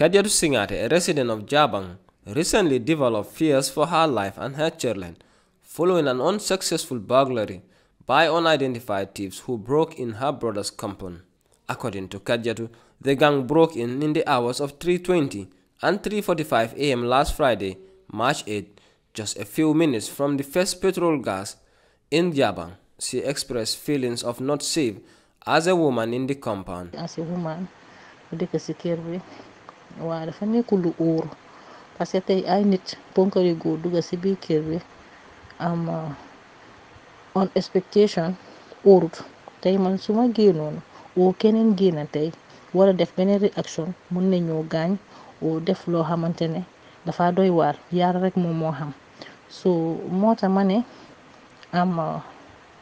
Kadiatu Singate, a resident of Jabang, recently developed fears for her life and her children following an unsuccessful burglary by unidentified thieves who broke in her brother's compound. According to Kadjatu, the gang broke in in the hours of 3.20 and 3.45 am last Friday, March 8, just a few minutes from the first petrol gas in Jabang. She expressed feelings of not safe as a woman in the compound. As a woman, waaye dafa nekkul lu óoru parce que tey ay nit ponkari góor dugga ci biir kër bi am uh, on expectation óorut tey man su ma génnoon oo keneen génna tey wala def beneen réaction mun nañoo gaañ oo def loo xamante ne dafa doy waar yaara rek moom moo xam so moo tax ma ne am uh,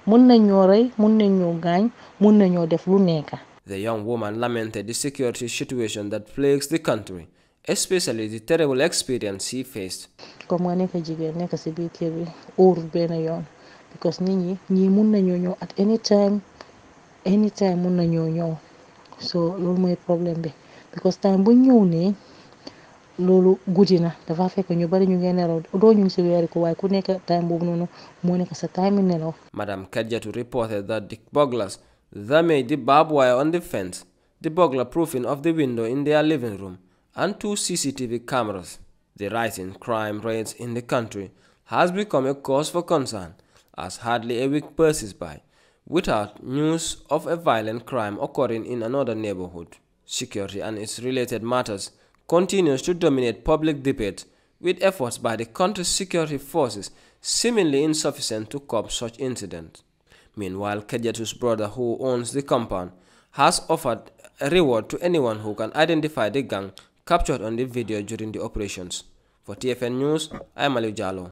mun nañoo rey mun nañoo gaañ mun nañoo def lu nekka The young woman lamented the security situation that plagues the country, especially the terrible experience she faced. comme nga nekk jigéen nekk si biir kër bi óorul benn yoon because nit ñi ñii mun nañoo ñëw at any time any time mun nañoo ñëw so loolu mooy problème bi because time bu ñëw nii loolu guddi na dafa fekk ñu bari ñu ngi nelaw doo ñu ngi si weeri ko waaye ku nekk time boobu noonu moo nekk sa time nelaw. Madam Kajatu reported that the They made the barbed wire on the fence, the burglar proofing of the window in their living room, and two CCTV cameras. The rising crime rates in the country has become a cause for concern as hardly a week passes by without news of a violent crime occurring in another neighborhood. Security and its related matters continues to dominate public debate with efforts by the country's security forces seemingly insufficient to curb such incidents. Meanwhile, Kedjatu's brother, who owns the compound, has offered a reward to anyone who can identify the gang captured on the video during the operations. For TFN News, I'm Ali Jalo.